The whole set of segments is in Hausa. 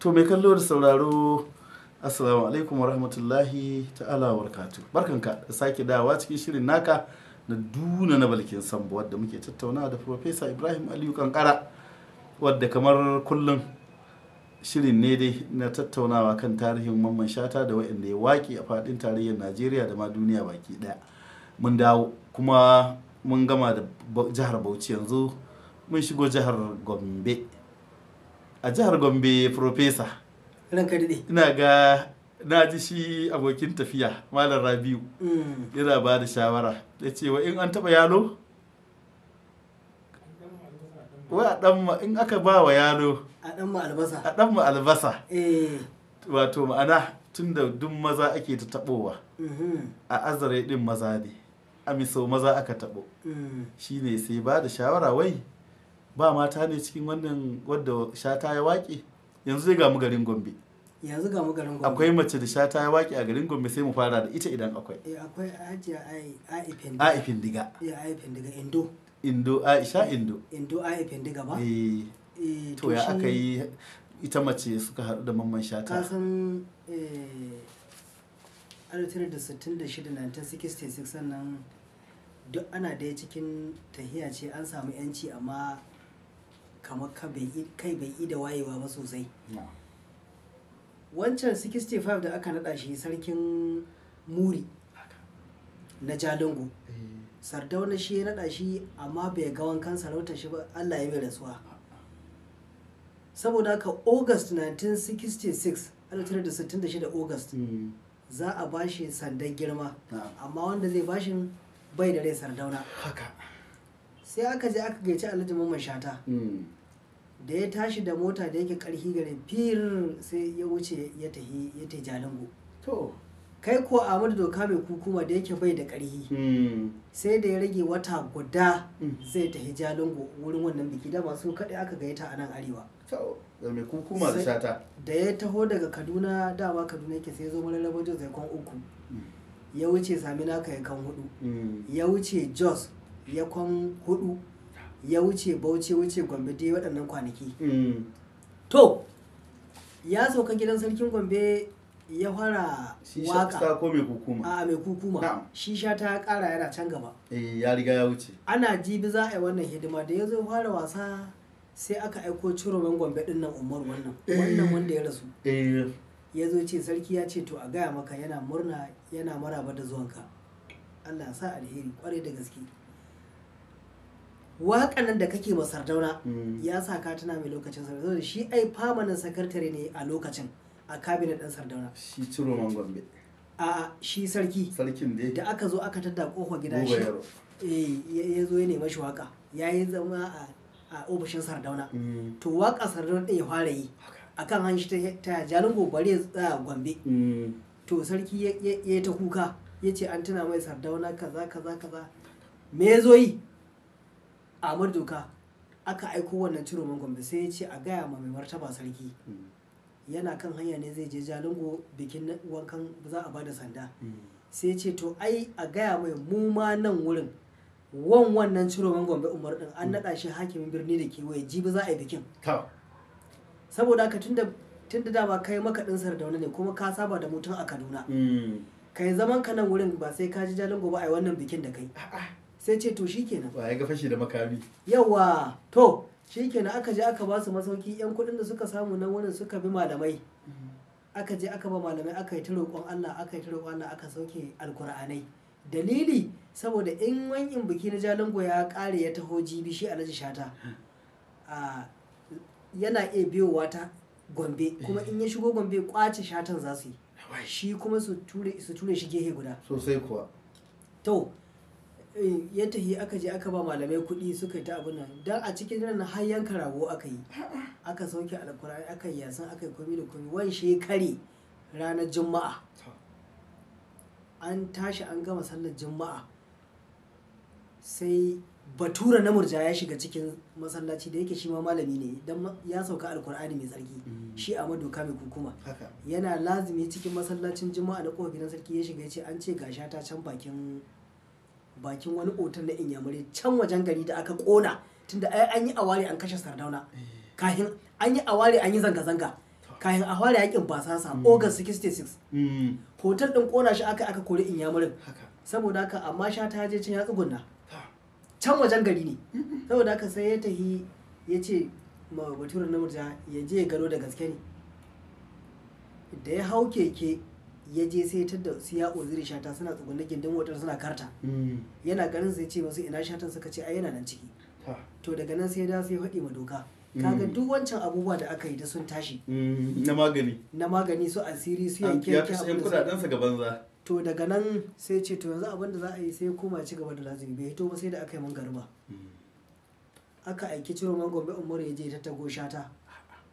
to mai kallo da sauraro assalamu alaikum wa rahmatullahi ta'ala wa barkatu barkanka da sake dawa cikin shirin naka na duna na balkin sambo wadda muke tattaunawa da Profesa ibrahim aliyu kankara wadda kamar kullum shirin ne dai na tattaunawa kan tarihin mamman shata da waɗanda ya waƙi a faɗin tarihin najeriya da ma duniya baki ɗaya mun dawo kuma mun gama da jihar bauchi yanzu mun shigo jihar gombe a jihar gombe profesa ranka daɗe ina ga na ji shi abokin tafiya malam rabiu mm. yana ba da shawara ya ce wa in an taɓa yalo wai a in aka ba wa yalo a ɗan ma albasa eh. wato ma'ana tun da duk maza ake ta taɓowa mm-hmm. a azare ɗin maza ne a maza aka taɓo mm. shine sai ba da shawara wai ba mata ne cikin wannan wadda shata ya waƙe yanzu zai gamu garin gombe yanzu gamu garin gombe akwai mace da shata ya waƙe a garin gombe sai mu fara da ita idan akwai eh akwai hajiya ai diga eh ai diga indo indo aisha indo indo ai diga ba eh, eh to ya aka yi ita mace suka haɗu da mamman shata kasan eh 1966 1966 sannan duk ana daya cikin tahiya ce an samu yanci amma kamar kai bai yi da wayewa ba sosai wancan 65 da aka naɗa shi sarkin muri na jalingo eh. sardauna shi ya naɗa shi amma bai ga wankan sarauta shi ba allah ya bai rasuwa saboda haka august 1966 1966 august hmm. za a bashi sandan girma amma wanda zai shi bai da rai sardauna haka sai aka je aka gaici alhaji mamman shata hmm. da ya tashi da mota da yake karhi gare fir sai ya wuce ya tahi ya tahi jalingo to kai ko Ahmadu doka mai kukuma da yake bai da karhi hmm. sai da ya rage wata guda hmm. zai tahi jalingo wurin wannan biki da masu kaɗai aka gaita a nan arewa da mai kukuma da shata da ya taho daga kaduna dama kaduna yake sai ya zo mararraba jos zai kwan uku ya wuce sami naka kan hudu ya wuce jos ya kwan hudu ya wuce bauchi wuce gombe dai waɗannan kwanaki mm. to ya sauka gidan sarkin gombe ya fara waka ko mai kukuma a mai kukuma shi sha ta kara yana can gaba eh, ya riga ya wuce ana jibi za a yi wannan hidima da ya zo fara wasa sai aka aiko ciroman gombe din nan umar wannan eh. wannan wanda ya rasu eh. ya zo ce sarki ya ce to a gaya maka yana murna yana maraba da zuwanka Allah sa alheri kwarai da gaske waƙan nan da kake ma sardauna mm. ya sa ka tana mai lokacin sardauna da shi ai famanin sakatare ne a lokacin a kabinet ɗin sardauna shi ciro man gombe a shi sarki sarkin dai da aka zo aka tadda kofa gida shi eh ya zo ya nemi shi waka ya yi zama a ofishin sardauna mm. to waka sardauna ɗin ya fara yi akan hanshi ta jalingo bare gombe mm. to sarki ya ta kuka ya ce an tuna mai sardauna kaza kaza kaza me ya zo yi amur doka aka aiko wannan ciro gombe sai ya ce a gaya ma mai martaba sarki mm. yana kan hanya ne zai je jalingo bikin wankan za a bada sanda mm. sai ya ce to ai a gaya mai mu ma nan wurin wan wannan ciro gombe umar din an mm. naɗa shi hakimin birni da kewaye jibi za a yi bikin saboda ka tunda tunda dama kai maka da wani ne kuma ka saba da mutum a kaduna kai zaman ka nan wurin ba sai ka ji jalingo ba a yi wannan bikin da kai sai ce to shikenan ba ya ga fashi da makami yawa to shikenan aka je aka ba su masauki yan kuɗin da suka samu nan wurin suka bi malamai mm-hmm. aka je aka ba malamai aka yi ta roƙon Allah aka yi ta roƙon Allah aka sauke alkur'anai dalili saboda in wankin biki na jalango ya ƙare ya taho jibi shi alhaji shata yana iya biyowa ta gombe kuma in ya shigo gombe kwace shatan za su yi shi kuma su ture shi gehe guda sosai kuwa to Eh, ya tahi aka je aka ba malamai kuɗi suka yi ta abin nan don a cikin nan har yanka rago aka yi aka sauke alkur'ani aka yi yasan aka yi komi da komi wan shekare ranar juma'a an tashi an gama sallar juma'a sai batura na murja ya shiga cikin masallaci da yake shi ma malami ne don ya sauka alkur'ani mai tsarki mm. shi a madoka mai kukuma yana lazimi cikin masallacin juma'a da kofi gidan sarki ya shiga ya ce an ce gasha ta can bakin bakin wani otal na inyamurai can wajen gari da aka kona tunda ai an yi aware an kashe sardauna eh. kahin an yi aware an yi zanga-zanga kahin a fara yakin basasa hmm. august 66 hmm. hotel din kona shi aka aka kori inyamurin saboda haka amma sha ta je cin yatsu tsugunna can wajen gari ne saboda haka sai ya tahi ya ce ma baturin namurja ya je ya gano da gaske ne da ya hau keke ya je sai ta da siya oziri shata suna tsugunan gindin wutar suna karta hmm. yana ganin sai ce masu ina shatan suka ce ai yana nan ciki to daga nan sai da sai faɗi ma doka hmm. kaga duk wancan abubuwa da aka yi da sun tashi hmm. na magani na magani su asiri su yanke ya kashe kudaden sa ga banza to daga nan sai ce to yanzu abin da za a yi sai koma ci gaba da lazimi bai hito ba sai da aka yi garba aka aiki ciro man gombe umar ya je ta tago shata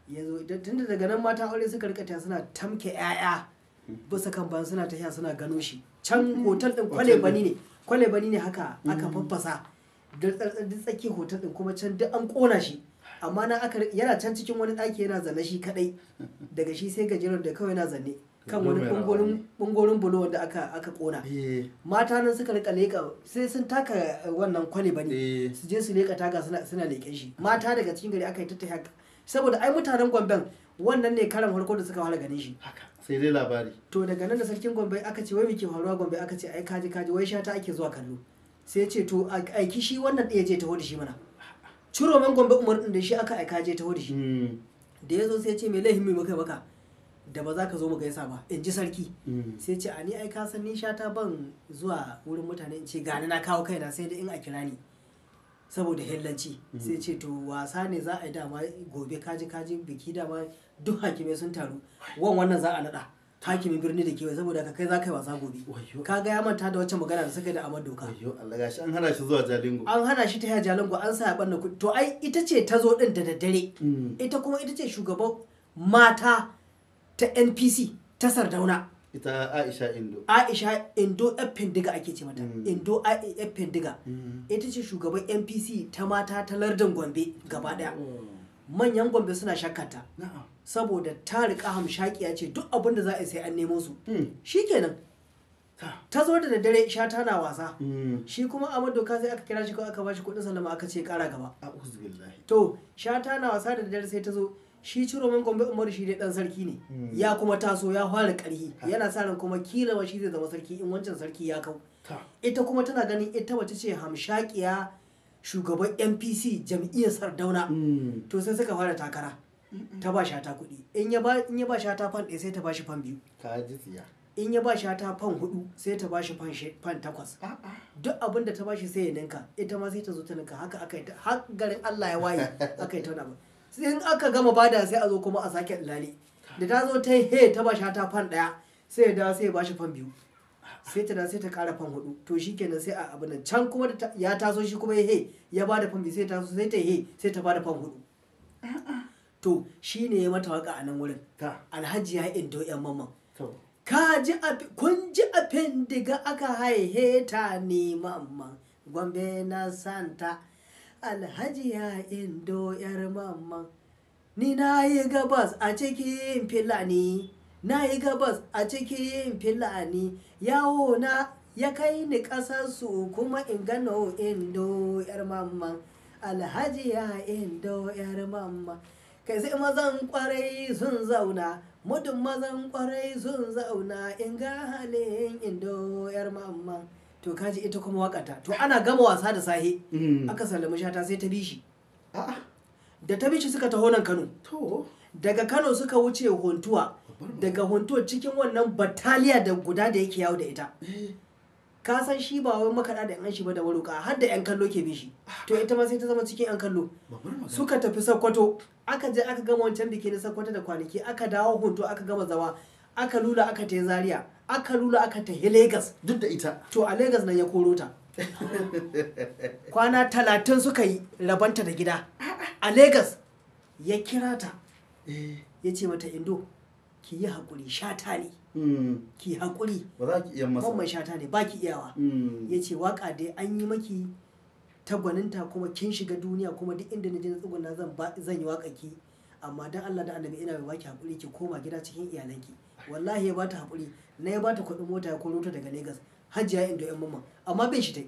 yanzu tunda daga nan mata aure suka rika ta suna tamke 'ya'ya bisa kan bayan suna tafiya suna gano shi can mm. hotel din kwale bani ne kwale bani ne haka aka mm. faffasa duk tsaki hotel din kuma can duk an kona shi amma na aka yana can cikin wani daki yana zanne shi kadai daga shi sai gajeren da kawai yana zanne kan wani bungorin bulo wanda aka aka kona eh. mata nan suka rika leka sai sun taka eh, wannan kwale bani eh. su je su leka taka suna suna leken shi mata daga cikin gari aka yi tattaka saboda ai mutanen Gomben wannan ne karan farko da suka fara ganin shi sai dai labari to daga nan da sarkin gombe aka ce wai me ke faruwa gombe aka ce ai kaji kaji wai shata ake zuwa kallo sai ce to aiki shi wannan ɗaya je taho da shi mana ciro man gombe umar din da shi aka aika je taho da shi hmm. da ya zo sai ce me laifin mai muka maka da ba za ka zo mu gaisa ba in ji sarki hmm. sai ce a ni ai ka san ni shata ban zuwa wurin mutane in ce gani na kawo kaina sai dai in a kira ni saboda hellanci mm. sai ce to wasa ne za a yi dama gobe kaji kaji biki dama duk hakimai sun taru wan wannan za a nada hakimin birni da kewaye saboda ka kai za ka yi wasa gobe ka ga ya manta da wacce magana da suka yi da amar doka an hana shi zuwa jalingo an hana shi ta yaya jalingo an sa ya banna kuɗi to ai ita ce ta zo ɗin da daddare mm. ita kuma ita ce shugaban mata ta npc ta sardauna ita aisha indo aisha indo yan fendiga ake ce mata mm. indo yan fendiga mm. ita ce shugaban npc ta mata ta lardin gombe gaba daya mm. manyan gombe suna shakata saboda ta riƙa hamshakiya ce duk abin da za a sai an nemo su shikenan ta zo da dare sha tana wasa shi kuma a doka sai aka kira shi ko aka bashi kuɗin sallama aka ce kara gaba to sha tana wasa da dare sai ta zo shi roman gombe umaru shi dai dan sarki ne hmm. ya kuma taso ya fara karhi yana sa ran kuma kila ma shi zai zama sarki in wancan sarki ya kau ita kuma tana ganin ita wace ce hamshakiya shugaban npc jam'iyyar sardauna hmm. to sai suka fara takara ta ba shata kuɗi in ya ba shata fan ɗaya sai ta ba shi fan biyu in ya ba shata fan hudu sai ta ba shi fan takwas duk abin da ta ba shi sai ya ninka ita ma sai ta zo ta ninka haka aka yi ta garin allah ya waye aka yi ta wani sai in aka gama bada sai a zo kuma a sake lali da ta zo ta he ta ba ta fan daya sai ya dawo sai ya bashi fan biyu sai ta da sai ta kara fan hudu to shikenan sai a abin nan can kuma ya taso shi kuma ya he ya bada fan biyu sai ta taso sai ta he sai ta bada fan hudu to shine ya mata waka a nan wurin alhaji ya indo yan mamman ka ji kun ji afin diga aka haihe ta ni mamman gombe na santa Alhaji ya indo yar mamman ni na yi gabas a cikin filani na yi gabas a cikin filani yawo na ya kai ni ƙasarsu kuma in gano indo yar mamman ya indo yar mamman kai sai mazan kwarai sun zauna mudun mazan kwarai sun zauna in ga halin indo yar mamman to kaji ita kuma wakata to ana gama wasa da sahi mm. aka sallami shata sai ta bishi da ta bishi suka taho nan kano daga kano suka wuce hontuwa daga hontuwa cikin wannan bataliya da guda da yake yawo da ita eh. ka san shi ba wai makaɗa da yan shi ba da waruka har da yan kallo ke bi ah. to ita ma sai ta zama cikin yan kallo suka tafi sakkwato aka je aka gama wancan biki na sakkwato da kwanaki aka dawo hontuwa aka gama zawa aka lula aka tayi zariya aka lula aka tafi Legas. Duk da ita. To a Legas nan ya koro ta. Kwana talatin suka yi rabanta da gida. A Legas ya kira ta. Eh. Ya ce mata Indo, ki yi haƙuri shata ne. Hmm. Ki haƙuri. Ba za ki iya masa. Mamman shata ne ba ki iyawa. Hmm. Ya ce waƙa dai an yi maki tagwaninta kuma kin shiga duniya kuma duk inda na je na tsuguna zan yi waƙa ki. Amma don Allah da annabi ina mai baki haƙuri ki koma gida cikin iyalanki. wallahi ya bata haƙuri na ya bata kuɗin mota ya koro ta daga Legas hajiya inda yan mamman amma bin shi tai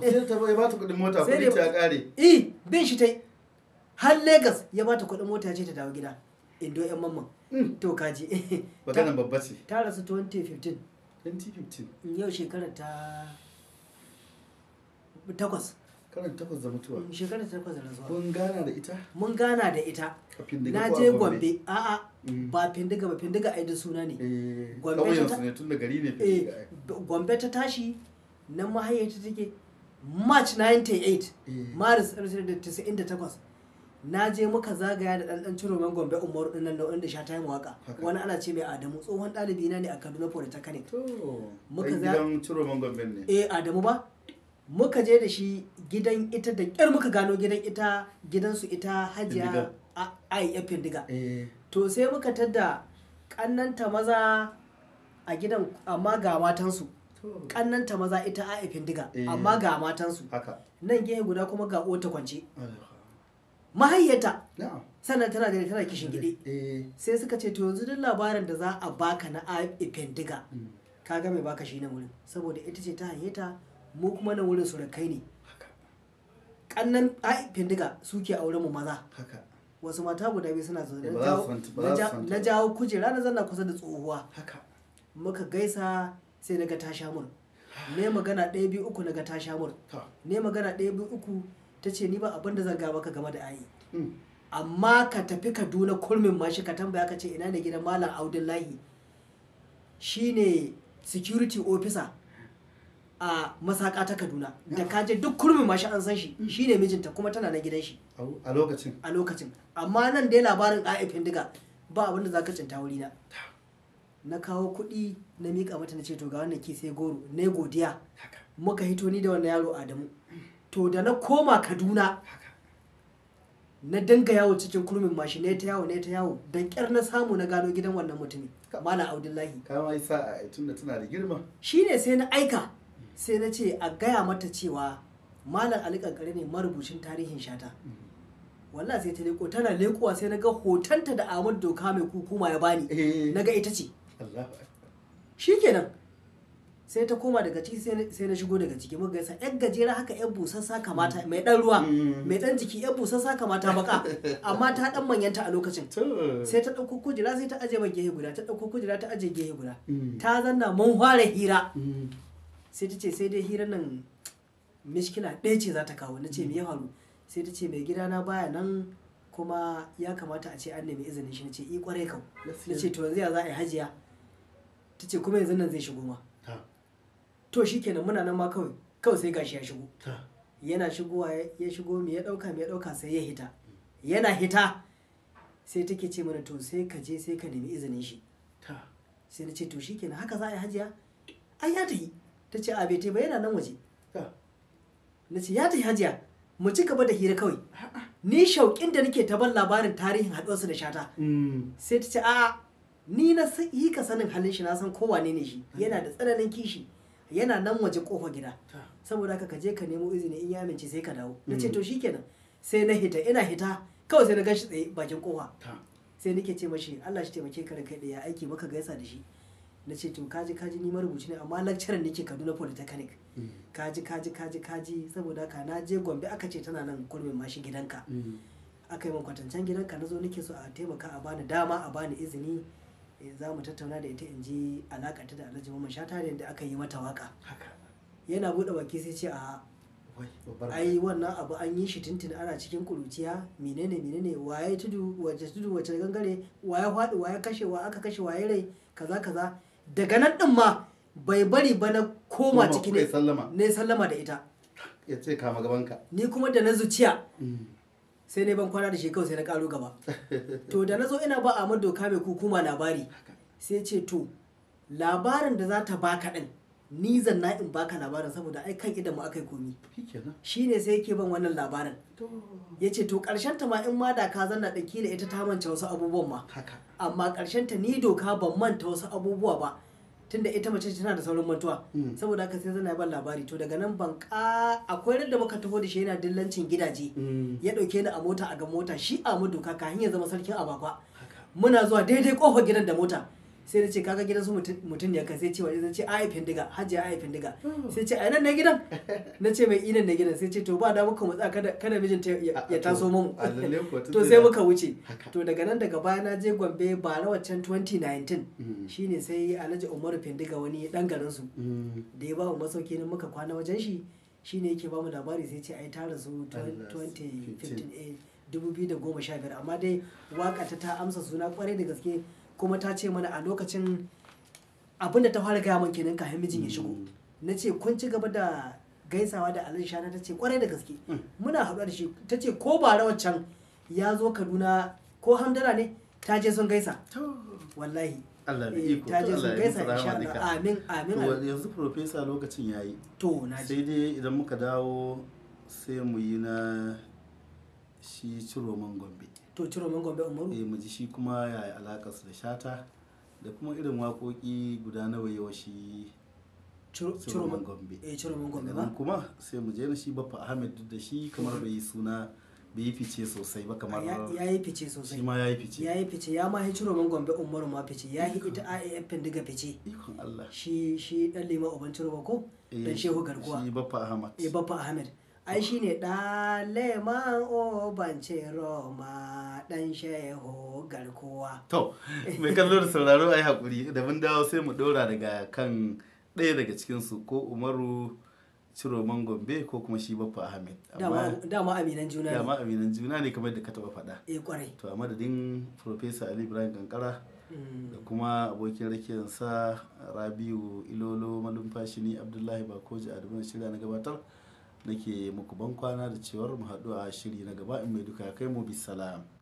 sai ta ya bata kuɗin mota kuɗi ta ƙare eh bin shi tai har Legas ya bata kuɗin mota ya ce ta dawo gida indo yan mamman hmm. to kaji magana babba ce ta rasu 2015 2015 yau shekarar ta takwas Karan takwas da mutuwa. Mm, Shekara takwas da rasuwa. mun gana da ita? Mun gana da ita. Na je Gombe. A'a mm. ba Findiga ba Findiga ai da suna ne. Eh, gombe ta ne tun da gari ne eh, Gombe ta tashi nan mahayyata take March 98 eh. Maris 1998 na je muka zagaya da ɗanɗan ciroman gombe umaru ɗin nan da wanda sha time waka wani ana ce mai adamu tsohon ɗalibi na ne a kaduna polytechnic muka zagaya ciroman gombe ne eh adamu ba muka je da shi gidan ita da ƙyar muka gano gidan ita gidansu ita hajiya a ya findiga eh. to sai muka tadda kananta maza a gidan amma ga matansu kananta maza ita a ya findiga eh. amma ga matansu nan gehe guda kuma ga ota kwance mahayyata sannan tana da tana kishin gidi eh. sai suka ce to yanzu duk labarin da za a baka na a findiga mm. kaga mai baka shi na wurin saboda ita ce ta hayyata mu kuma na wurin surakai ne kannan bindiga duka suke auren mu maza wasu mata guda biyu suna zaune na jawo kujera na zanna kusa da tsohuwa muka gaisa sai naga ta sha mun ne magana ɗaya biyu uku naga ta sha mun ne magana ɗaya biyu uku ta ce ni ba abinda da zan gaba ka game da ayi hmm. amma ka tafi kaduna kulmin mashi ka tambaya ka ce ina ne gidan malam audullahi shine security officer a masaka ta kaduna da ka je duk kurmin mashi an san shi mm. shi ne mijinta kuma tana na gidan shi a lokacin a lokacin amma nan dai labarin a diga ba abin da zaka cinta wuri na na kawo kuɗi na miƙa mata na ce to ga wannan ki sai goro Ne godiya muka hito ni da wannan yaro adamu to da na koma kaduna na dinga yawo cikin kurmin mashi ne ta yawo ne ta yawo da ƙyar na samu na gano gidan wannan mutumin mala abdullahi kama isa tunda tana da girma shine sai na aika sai na ce a gaya mata cewa malam ali kankare ne marubucin tarihin shata wallah sai ta leko tana lekowa sai na ga hotonta da ahmad doka mai kukuma ya bani eh. na ga ita ce Shi nan. sai ta koma daga ciki sai na shigo daga ciki muka gaisa yan gajera haka yan busassa kamata mm. mai dan ruwa mm. mai dan jiki yan busassa kamata baka amma ta dan manyanta a lokacin sai ta dauko kujera sai ta aje man gehe guda ta dauko kujera ta aje gehe guda mm. ta zanna mun fara hira sai ta ce sai dai hira nan mishkila ɗaya ce za ta kawo na ce me ya faru sai ta ce mai gida na baya nan kuma ya kamata a ce an nemi izinin shi na ce i eh, kwarai kau na ce to yanzu ya za a yi hajiya ta ce kuma yanzu nan zai shigo ma to shikenan muna nan ma kawai kawai sai gashi ya shigo yana shigowa ya shigo me ya dauka me ya dauka sai ya hita yana hita sai take ce mana to sai ka je sai ka nemi izinin shi sai na ce to shikenan haka za a yi hajiya ai ya yi ta ce a ba yana nan waje na ce ya ta hajiya mu ci gaba da hira kawai ni shauƙin da nake taban labarin tarihin haɗuwarsu da shata mm. sai ta ce a ni na yi ka sanin halin shi na san kowa ne shi yana da tsananin kishi yana nan waje kofa gida saboda haka ka je ka nemo izini in ya amince sai ka dawo na ce mm. to shikenan sai na hita ina hita kawai sai na gan shi tsaye bakin kofa sai nake ce mashi Allah shi taimake ka da kai da ya aiki maka gaisa da shi na ce to kaji kaji ni marubuci ne amma lecturer nake Kaduna Polytechnic kaji mm. kaji kaji kaji saboda ka na je Gombe aka ce tana nan kurmin mashi gidanka mm. aka yi min kwatancen gidanka na zo nake so a taimaka a bani dama a bani izini eh, za mu tattauna da ita in ji alakata da Alhaji Muhammad Shata da aka yi mata waka yana bude baki sai ce a ai wannan abu an yi shi tuntun ana cikin kuruciya menene menene waye tudu wace tudu wace gangare waye faɗi waye kashe wa aka kashe waye rai kaza kaza daga nan ɗin ma bai bari ba na koma ciki ne ne sallama da ita ya ce kama ka ni kuma da na zuciya mm. sai ne ban kwana da shi kawai sai na karo gaba to da na zo ina ba a doka mai kukuma labari sai ce to labarin da za ta baka ni zanna in baka labarin saboda ai kan idan mu aka yi komi shi ne sai yake ban wannan labarin ya ce to karshen ta ma in ma da ka zanna da kila ita ta manta wasu abubuwan ma amma karshen ta ni doka ban manta wasu abubuwa ba tunda ita mace tana da saurin mutuwa. Mm. saboda haka sai zana ban labari to daga nan ban ka akwai da muka taho da shi yana dillancin gidaje mm. ya ɗauke ni a mota a ga mota shi a mu doka kahin ya zama sarkin abakwa muna zuwa daidai kofar gidan da mota sai da ce kaga gidan su mutum ya kai sai ce waje ce ai findiga hajiya ai findiga hmm. sai ce ai nan na gidan na ce mai inan na gidan sai ce to ba da muka tsaka kada kada mijin ya taso mun to sai muka wuce to daga nan daga baya na je Gombe ba na waccan 2019 shine sai Alhaji Umaru findiga wani dan garin su hmm. da ya ba mu masauki nan muka kwana wajen shi shine yake ba mu labari sai ce ai tara su 2015 2015 amma dai waka ta ta amsa suna kwarai da gaske kuma ta ce mana a lokacin abin da ta fara gaya min kenan kafin mijin ya shigo hmm. na ce kun ci gaba da gaisawa da alin shana ta ce kwarai da gaske hmm. muna haɗu da shi ta ce ko ba rawar can ya zo kaduna ko hamdala ne ta je sun gaisa wallahi Allah eh, ta je sun gaisa insha Allah amin amin yanzu professor lokacin yayi to na sai dai idan muka dawo sai mu yi na shi ciroman gombe to ciroman gombe umaru eh mu ji shi kuma ya yaya alakarsa da shata da kuma irin waƙoƙi guda nawa yawa shi ciroman gombe eh ciroman gombe ba kuma sai mu je na shi baffa ahmed duk da shi kamar bai yi suna bai yi fice sosai ba kamar ya yi fice sosai shi ma ya yi fice ya yi fice ya ma hi ciroman gombe umaru ma fice ya yi ita AAF diga fice ikon Allah shi shi dan lema uban ciroba ko dan eh, shehu garkuwa shi baffa ahmed eh baffa ahmed ai shi ne ɗan leman obance roma ɗan shehu garkuwa to mai kallo da sauraro ai haƙuri da mun dawo sai mu ɗora daga kan ɗaya daga cikinsu ko umaru ciroman gombe ko kuma shi baffa ahmed dama aminan juna ne dama aminan juna ne kamar da ka taba faɗa eh kwarai to a madadin professor ali ibrahim kankara mm. da kuma abokin sa rabiu ilolo malumfashi ni abdullahi bakoji a dubin shirya na gabatar nake muku ban kwana da cewar mu haɗu a shiri na gaba in mai duka kai mu bisalam